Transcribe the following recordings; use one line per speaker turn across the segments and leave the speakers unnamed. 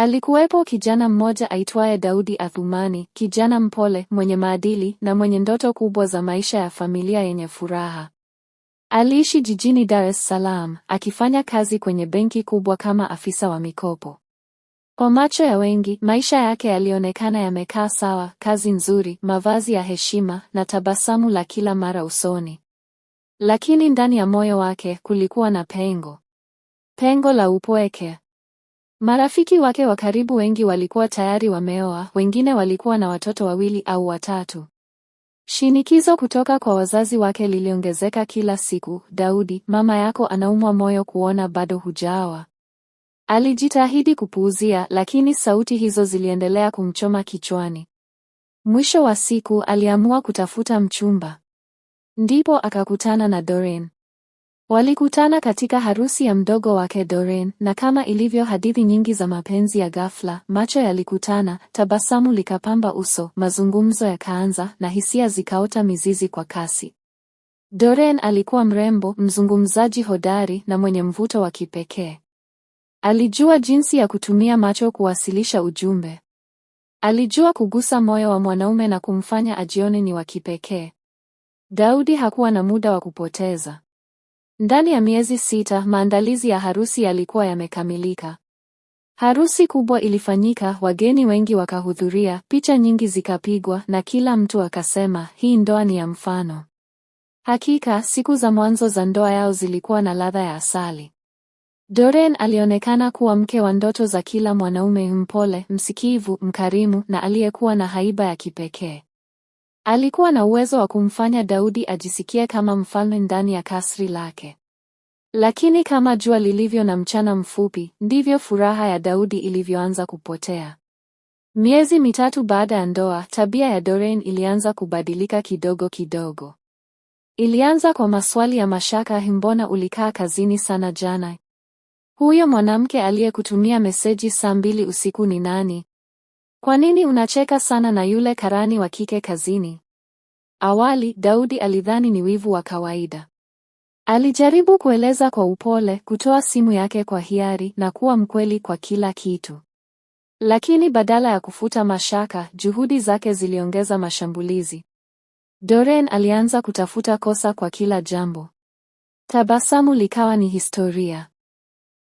Alikuwepo kijana mmoja aitwaye Daudi Athumani, kijana mpole, mwenye maadili na mwenye ndoto kubwa za maisha ya familia yenye furaha. Aliishi jijini Dar es Salaam, akifanya kazi kwenye benki kubwa kama afisa wa mikopo. Kwa macho ya wengi, maisha yake yalionekana yamekaa sawa, kazi nzuri, mavazi ya heshima na tabasamu la kila mara usoni. Lakini ndani ya moyo wake kulikuwa na pengo. Pengo la upweke. Marafiki wake wa karibu wengi walikuwa tayari wameoa, wengine walikuwa na watoto wawili au watatu. Shinikizo kutoka kwa wazazi wake liliongezeka kila siku. Daudi, mama yako anaumwa moyo kuona bado hujaoa. Alijitahidi kupuuzia, lakini sauti hizo ziliendelea kumchoma kichwani. Mwisho wa siku aliamua kutafuta mchumba. Ndipo akakutana na Doreen. Walikutana katika harusi ya mdogo wake Doreen, na kama ilivyo hadithi nyingi za mapenzi ya ghafla, macho yalikutana, tabasamu likapamba uso, mazungumzo yakaanza, na hisia zikaota mizizi kwa kasi. Doreen alikuwa mrembo, mzungumzaji hodari na mwenye mvuto wa kipekee. Alijua jinsi ya kutumia macho kuwasilisha ujumbe. Alijua kugusa moyo wa mwanaume na kumfanya ajione ni wa kipekee. Daudi hakuwa na muda wa kupoteza. Ndani ya miezi sita, maandalizi ya harusi yalikuwa yamekamilika. Harusi kubwa ilifanyika, wageni wengi wakahudhuria, picha nyingi zikapigwa na kila mtu akasema, hii ndoa ni ya mfano. Hakika siku za mwanzo za ndoa yao zilikuwa na ladha ya asali. Doreen alionekana kuwa mke wa ndoto za kila mwanaume, mpole, msikivu, mkarimu na aliyekuwa na haiba ya kipekee. Alikuwa na uwezo wa kumfanya Daudi ajisikie kama mfalme ndani ya kasri lake. Lakini kama jua lilivyo na mchana mfupi, ndivyo furaha ya Daudi ilivyoanza kupotea. Miezi mitatu baada ya ndoa, tabia ya Doreen ilianza kubadilika kidogo kidogo. Ilianza kwa maswali ya mashaka, mbona ulikaa kazini sana jana? Huyo mwanamke aliyekutumia meseji saa mbili usiku ni nani? Kwa nini unacheka sana na yule karani wa kike kazini? Awali, Daudi alidhani ni wivu wa kawaida. Alijaribu kueleza kwa upole, kutoa simu yake kwa hiari na kuwa mkweli kwa kila kitu. Lakini badala ya kufuta mashaka, juhudi zake ziliongeza mashambulizi. Doreen alianza kutafuta kosa kwa kila jambo. Tabasamu likawa ni historia.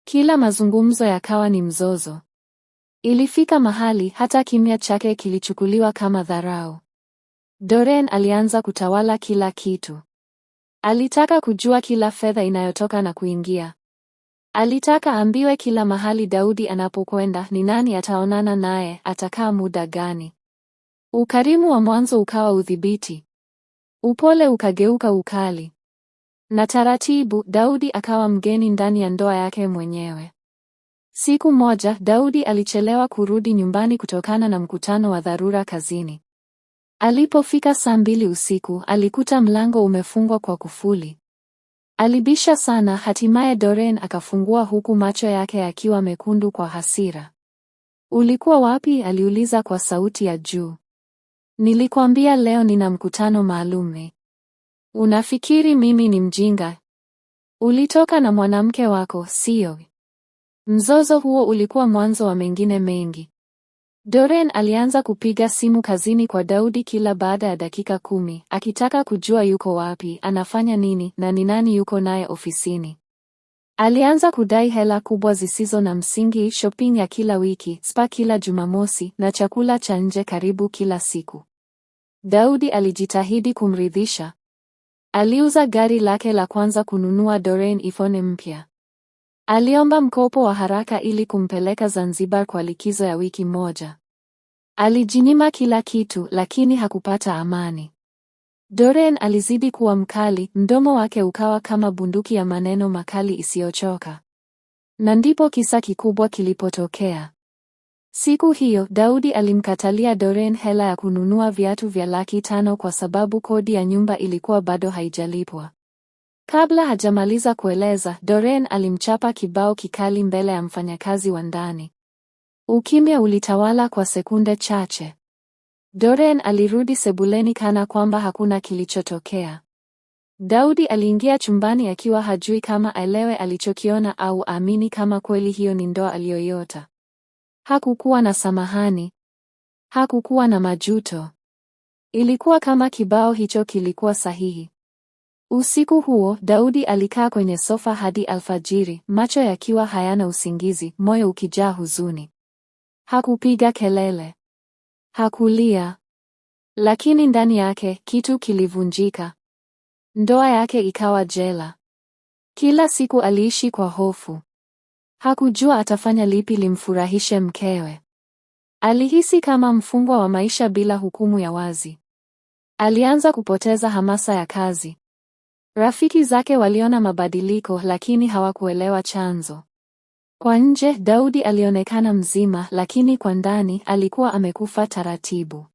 Kila mazungumzo yakawa ni mzozo. Ilifika mahali hata kimya chake kilichukuliwa kama dharau. Doreen alianza kutawala kila kitu. Alitaka kujua kila fedha inayotoka na kuingia. Alitaka ambiwe kila mahali Daudi anapokwenda, ni nani ataonana naye, atakaa muda gani. Ukarimu wa mwanzo ukawa udhibiti. Upole ukageuka ukali. Na taratibu Daudi akawa mgeni ndani ya ndoa yake mwenyewe. Siku moja Daudi alichelewa kurudi nyumbani kutokana na mkutano wa dharura kazini. Alipofika saa mbili usiku, alikuta mlango umefungwa kwa kufuli. Alibisha sana, hatimaye Doreen akafungua huku macho yake yakiwa mekundu kwa hasira. Ulikuwa wapi? aliuliza kwa sauti ya juu. Nilikwambia leo nina mkutano maalum. Unafikiri mimi ni mjinga? Ulitoka na mwanamke wako, siyo? Mzozo huo ulikuwa mwanzo wa mengine mengi. Doreen alianza kupiga simu kazini kwa Daudi kila baada ya dakika kumi, akitaka kujua yuko wapi, anafanya nini na ni nani yuko naye ofisini. Alianza kudai hela kubwa zisizo na msingi, shopping ya kila wiki, spa kila Jumamosi na chakula cha nje karibu kila siku. Daudi alijitahidi kumridhisha. Aliuza gari lake la kwanza kununua Doreen iPhone mpya. Aliomba mkopo wa haraka ili kumpeleka Zanzibar kwa likizo ya wiki moja. Alijinyima kila kitu lakini hakupata amani. Doreen alizidi kuwa mkali, mdomo wake ukawa kama bunduki ya maneno makali isiyochoka. Na ndipo kisa kikubwa kilipotokea. Siku hiyo, Daudi alimkatalia Doreen hela ya kununua viatu vya laki tano kwa sababu kodi ya nyumba ilikuwa bado haijalipwa. Kabla hajamaliza kueleza, Doreen alimchapa kibao kikali mbele ya mfanyakazi wa ndani. Ukimya ulitawala kwa sekunde chache. Doreen alirudi sebuleni kana kwamba hakuna kilichotokea. Daudi aliingia chumbani akiwa hajui kama aelewe alichokiona au amini kama kweli hiyo ni ndoa aliyoyota Hakukuwa na samahani. Hakukuwa na majuto. Ilikuwa kama kibao hicho kilikuwa sahihi. Usiku huo Daudi alikaa kwenye sofa hadi alfajiri, macho yakiwa hayana usingizi, moyo ukijaa huzuni. Hakupiga kelele, hakulia, lakini ndani yake kitu kilivunjika. Ndoa yake ikawa jela. Kila siku aliishi kwa hofu, hakujua atafanya lipi limfurahishe mkewe. Alihisi kama mfungwa wa maisha bila hukumu ya wazi. Alianza kupoteza hamasa ya kazi. Rafiki zake waliona mabadiliko lakini hawakuelewa chanzo. Kwa nje Daudi alionekana mzima lakini kwa ndani alikuwa amekufa taratibu.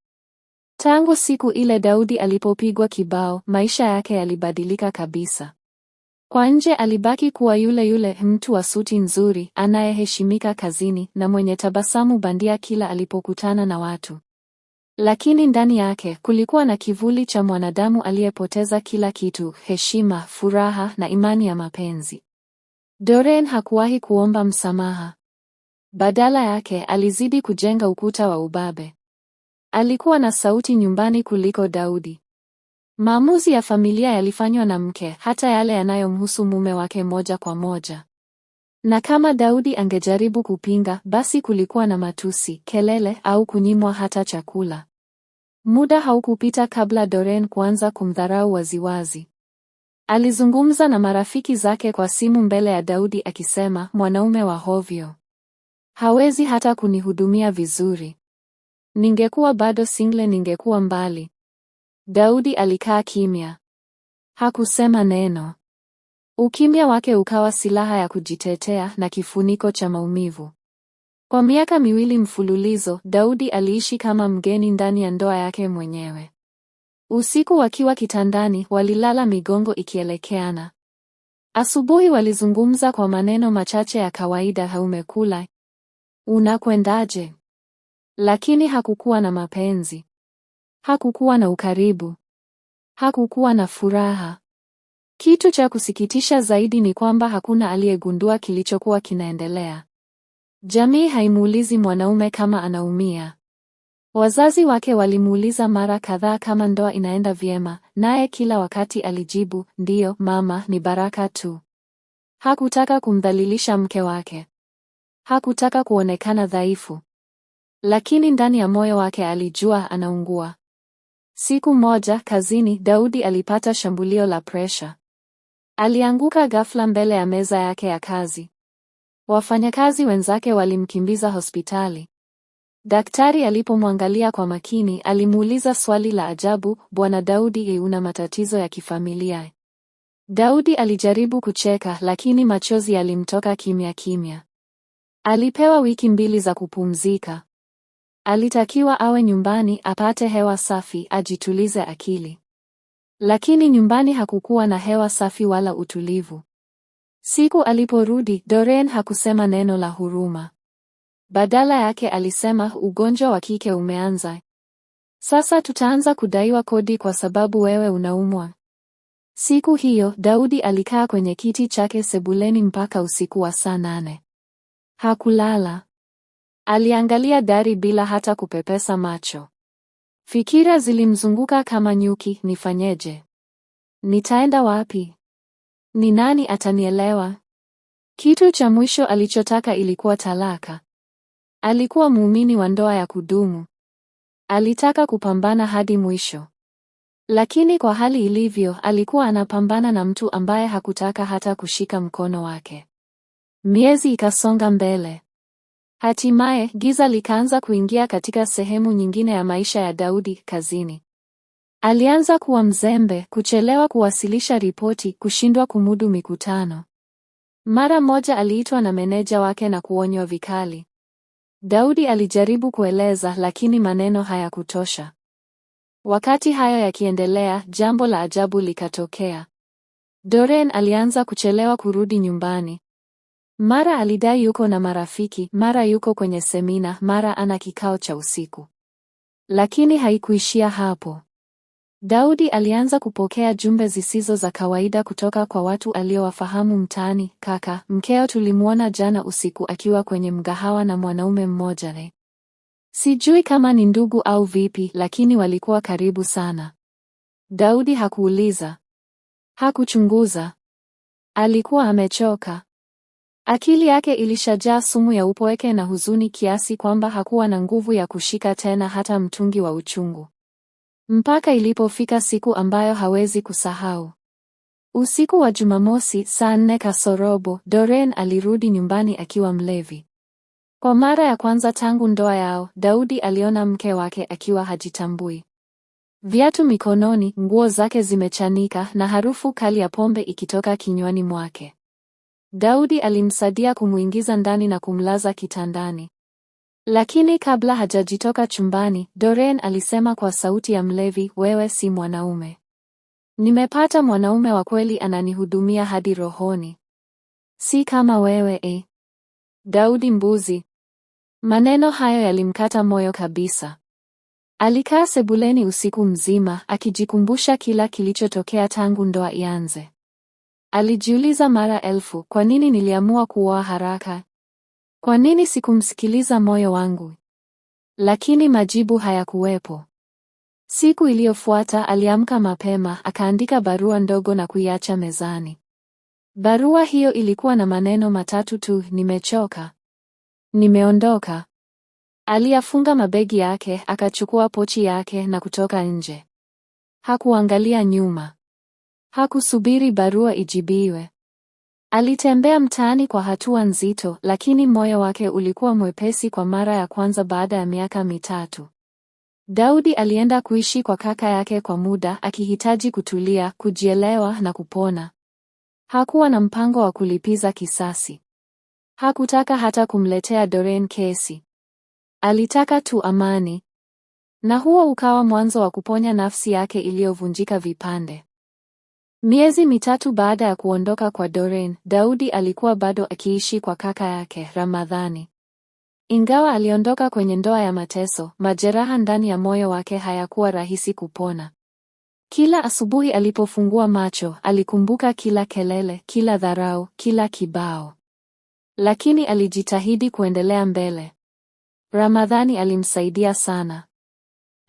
Tangu siku ile Daudi alipopigwa kibao, maisha yake yalibadilika kabisa. Kwa nje alibaki kuwa yule yule mtu wa suti nzuri, anayeheshimika kazini na mwenye tabasamu bandia kila alipokutana na watu. Lakini ndani yake kulikuwa na kivuli cha mwanadamu aliyepoteza kila kitu: heshima, furaha na imani ya mapenzi. Doreen hakuwahi kuomba msamaha. Badala yake alizidi kujenga ukuta wa ubabe. Alikuwa na sauti nyumbani kuliko Daudi. Maamuzi ya familia yalifanywa na mke, hata yale yanayomhusu mume wake moja kwa moja. Na kama Daudi angejaribu kupinga, basi kulikuwa na matusi, kelele au kunyimwa hata chakula. Muda haukupita kabla Doreen kuanza kumdharau waziwazi. Alizungumza na marafiki zake kwa simu mbele ya Daudi akisema, mwanaume wa hovyo. Hawezi hata kunihudumia vizuri. Ningekuwa bado single ningekuwa mbali. Daudi alikaa kimya. Hakusema neno. Ukimya wake ukawa silaha ya kujitetea na kifuniko cha maumivu. Kwa miaka miwili mfululizo, Daudi aliishi kama mgeni ndani ya ndoa yake mwenyewe. Usiku wakiwa kitandani, walilala migongo ikielekeana. Asubuhi walizungumza kwa maneno machache ya kawaida, haumekula? Unakwendaje? Lakini hakukuwa na mapenzi. Hakukuwa na ukaribu. Hakukuwa na furaha. Kitu cha kusikitisha zaidi ni kwamba hakuna aliyegundua kilichokuwa kinaendelea. Jamii haimuulizi mwanaume kama anaumia. Wazazi wake walimuuliza mara kadhaa kama ndoa inaenda vyema, naye kila wakati alijibu, ndiyo mama, ni baraka tu. Hakutaka kumdhalilisha mke wake, hakutaka kuonekana dhaifu, lakini ndani ya moyo wake alijua anaungua. Siku moja kazini, Daudi alipata shambulio la presha. Alianguka ghafla mbele ya meza yake ya kazi. Wafanyakazi wenzake walimkimbiza hospitali. Daktari alipomwangalia kwa makini, alimuuliza swali la ajabu, Bwana Daudi, una matatizo ya kifamilia? Daudi alijaribu kucheka, lakini machozi yalimtoka kimya kimya. Alipewa wiki mbili za kupumzika. Alitakiwa awe nyumbani, apate hewa safi, ajitulize akili. Lakini nyumbani hakukuwa na hewa safi wala utulivu. Siku aliporudi, Doreen hakusema neno la huruma. Badala yake alisema, ugonjwa wa kike umeanza. Sasa tutaanza kudaiwa kodi kwa sababu wewe unaumwa. Siku hiyo Daudi alikaa kwenye kiti chake sebuleni mpaka usiku wa saa nane. Hakulala. Aliangalia dari bila hata kupepesa macho. Fikira zilimzunguka kama nyuki, nifanyeje? Nitaenda wapi? Ni nani atanielewa? Kitu cha mwisho alichotaka ilikuwa talaka. Alikuwa muumini wa ndoa ya kudumu. Alitaka kupambana hadi mwisho. Lakini kwa hali ilivyo, alikuwa anapambana na mtu ambaye hakutaka hata kushika mkono wake. Miezi ikasonga mbele. Hatimaye giza likaanza kuingia katika sehemu nyingine ya maisha ya Daudi kazini. Alianza kuwa mzembe, kuchelewa kuwasilisha ripoti, kushindwa kumudu mikutano. Mara moja aliitwa na meneja wake na kuonywa vikali. Daudi alijaribu kueleza lakini maneno hayakutosha. Wakati hayo yakiendelea, jambo la ajabu likatokea. Doreen alianza kuchelewa kurudi nyumbani. Mara alidai yuko na marafiki, mara yuko kwenye semina, mara ana kikao cha usiku. Lakini haikuishia hapo. Daudi alianza kupokea jumbe zisizo za kawaida kutoka kwa watu aliowafahamu mtaani. Kaka, mkeo tulimwona jana usiku akiwa kwenye mgahawa na mwanaume mmoja ne. Sijui kama ni ndugu au vipi, lakini walikuwa karibu sana. Daudi hakuuliza. Hakuchunguza. Alikuwa amechoka. Akili yake ilishajaa sumu ya upweke na huzuni kiasi kwamba hakuwa na nguvu ya kushika tena hata mtungi wa uchungu mpaka ilipofika siku ambayo hawezi kusahau. Usiku wa Jumamosi saa nne kasorobo, Doreen alirudi nyumbani akiwa mlevi. Kwa mara ya kwanza tangu ndoa yao, Daudi aliona mke wake akiwa hajitambui. Viatu mikononi, nguo zake zimechanika na harufu kali ya pombe ikitoka kinywani mwake. Daudi alimsadia kumwingiza ndani na kumlaza kitandani. Lakini kabla hajajitoka chumbani, Doreen alisema kwa sauti ya mlevi, wewe si mwanaume. Nimepata mwanaume wa kweli ananihudumia hadi rohoni. Si kama wewe eh. Daudi Mbuzi. Maneno hayo yalimkata moyo kabisa. Alikaa sebuleni usiku mzima akijikumbusha kila kilichotokea tangu ndoa ianze. Alijiuliza mara elfu, kwa nini niliamua kuoa haraka? Kwa nini sikumsikiliza moyo wangu? Lakini majibu hayakuwepo. Siku iliyofuata aliamka mapema, akaandika barua ndogo na kuiacha mezani. Barua hiyo ilikuwa na maneno matatu tu, nimechoka. Nimeondoka. Aliyafunga mabegi yake, akachukua pochi yake na kutoka nje. Hakuangalia nyuma. Hakusubiri barua ijibiwe. Alitembea mtaani kwa hatua nzito, lakini moyo wake ulikuwa mwepesi kwa mara ya kwanza baada ya miaka mitatu. Daudi alienda kuishi kwa kaka yake kwa muda, akihitaji kutulia, kujielewa na kupona. Hakuwa na mpango wa kulipiza kisasi. Hakutaka hata kumletea Doreen kesi. Alitaka tu amani. Na huo ukawa mwanzo wa kuponya nafsi yake iliyovunjika vipande. Miezi mitatu baada ya kuondoka kwa Doreen, Daudi alikuwa bado akiishi kwa kaka yake Ramadhani. Ingawa aliondoka kwenye ndoa ya mateso, majeraha ndani ya moyo wake hayakuwa rahisi kupona. Kila asubuhi alipofungua macho, alikumbuka kila kelele, kila dharau, kila kibao. Lakini alijitahidi kuendelea mbele. Ramadhani alimsaidia sana.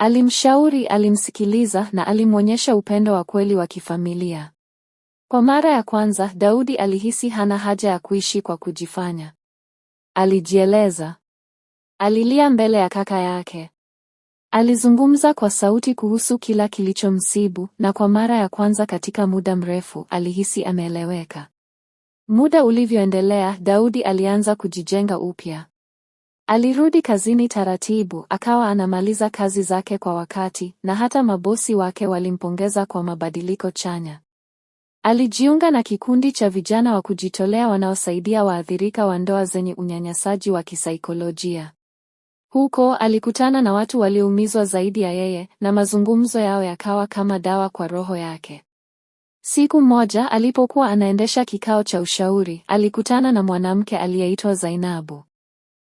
Alimshauri, alimsikiliza na alimwonyesha upendo wa kweli wa kifamilia. Kwa mara ya kwanza, Daudi alihisi hana haja ya kuishi kwa kujifanya. Alijieleza. Alilia mbele ya kaka yake. Alizungumza kwa sauti kuhusu kila kilichomsibu na kwa mara ya kwanza katika muda mrefu alihisi ameeleweka. Muda ulivyoendelea, Daudi alianza kujijenga upya. Alirudi kazini taratibu, akawa anamaliza kazi zake kwa wakati na hata mabosi wake walimpongeza kwa mabadiliko chanya. Alijiunga na kikundi cha vijana wa kujitolea wanaosaidia waathirika wa ndoa zenye unyanyasaji wa kisaikolojia. Huko alikutana na watu walioumizwa zaidi ya yeye na mazungumzo yao yakawa kama dawa kwa roho yake. Siku moja alipokuwa anaendesha kikao cha ushauri, alikutana na mwanamke aliyeitwa Zainabu.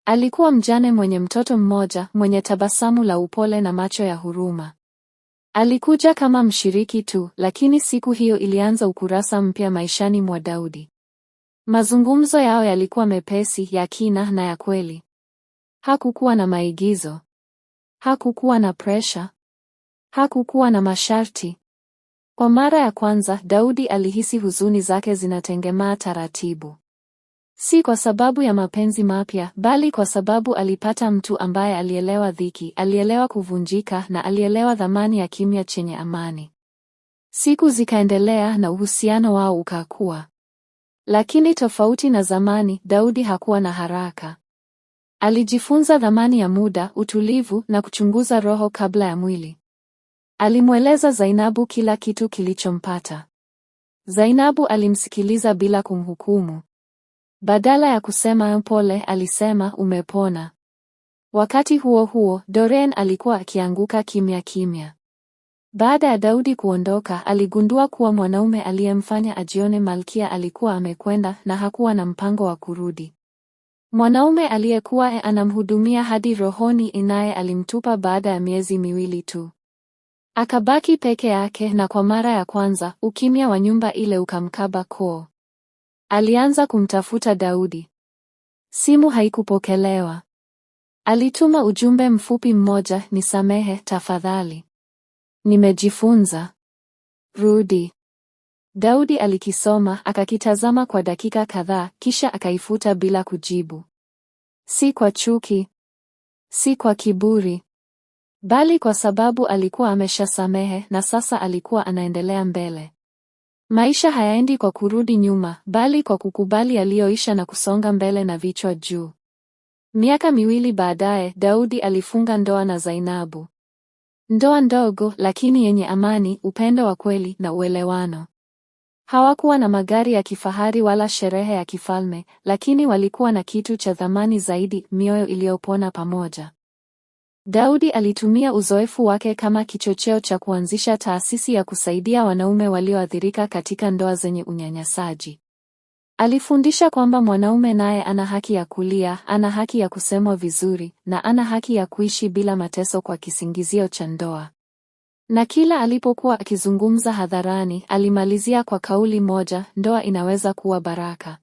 Alikuwa mjane mwenye mtoto mmoja, mwenye tabasamu la upole na macho ya huruma. Alikuja kama mshiriki tu, lakini siku hiyo ilianza ukurasa mpya maishani mwa Daudi. Mazungumzo yao yalikuwa mepesi, ya kina na ya kweli. Hakukuwa na maigizo. Hakukuwa na presha. Hakukuwa na masharti. Kwa mara ya kwanza, Daudi alihisi huzuni zake zinatengemaa taratibu si kwa sababu ya mapenzi mapya, bali kwa sababu alipata mtu ambaye alielewa dhiki, alielewa kuvunjika na alielewa thamani ya kimya chenye amani. Siku zikaendelea na uhusiano wao ukakua. Lakini tofauti na zamani, Daudi hakuwa na haraka. Alijifunza thamani ya muda, utulivu na kuchunguza roho kabla ya mwili. Alimweleza Zainabu kila kitu kilichompata. Zainabu alimsikiliza bila kumhukumu. Badala ya kusema pole, alisema umepona. Wakati huo huo, Doreen alikuwa akianguka kimya kimya. Baada ya Daudi kuondoka, aligundua kuwa mwanaume aliyemfanya ajione malkia alikuwa amekwenda na hakuwa na mpango wa kurudi. Mwanaume aliyekuwa anamhudumia hadi rohoni inaye alimtupa baada ya miezi miwili tu. Akabaki peke yake na kwa mara ya kwanza, ukimya wa nyumba ile ukamkaba koo. Alianza kumtafuta Daudi. Simu haikupokelewa. Alituma ujumbe mfupi mmoja, nisamehe tafadhali. Nimejifunza. Rudi. Daudi alikisoma, akakitazama kwa dakika kadhaa, kisha akaifuta bila kujibu. Si kwa chuki, si kwa kiburi, bali kwa sababu alikuwa ameshasamehe na sasa alikuwa anaendelea mbele. Maisha hayaendi kwa kurudi nyuma, bali kwa kukubali yaliyoisha na kusonga mbele na vichwa juu. Miaka miwili baadaye, Daudi alifunga ndoa na Zainabu. Ndoa ndogo lakini yenye amani, upendo wa kweli na uelewano. Hawakuwa na magari ya kifahari wala sherehe ya kifalme, lakini walikuwa na kitu cha thamani zaidi, mioyo iliyopona pamoja. Daudi alitumia uzoefu wake kama kichocheo cha kuanzisha taasisi ya kusaidia wanaume walioathirika katika ndoa zenye unyanyasaji. Alifundisha kwamba mwanaume naye ana haki ya kulia, ana haki ya kusemwa vizuri, na ana haki ya kuishi bila mateso kwa kisingizio cha ndoa. Na kila alipokuwa akizungumza hadharani, alimalizia kwa kauli moja, ndoa inaweza kuwa baraka.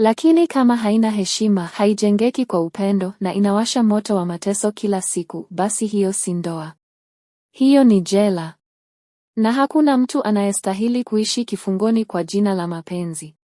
Lakini kama haina heshima, haijengeki kwa upendo na inawasha moto wa mateso kila siku, basi hiyo si ndoa. Hiyo ni jela. Na hakuna mtu anayestahili kuishi kifungoni kwa jina la mapenzi.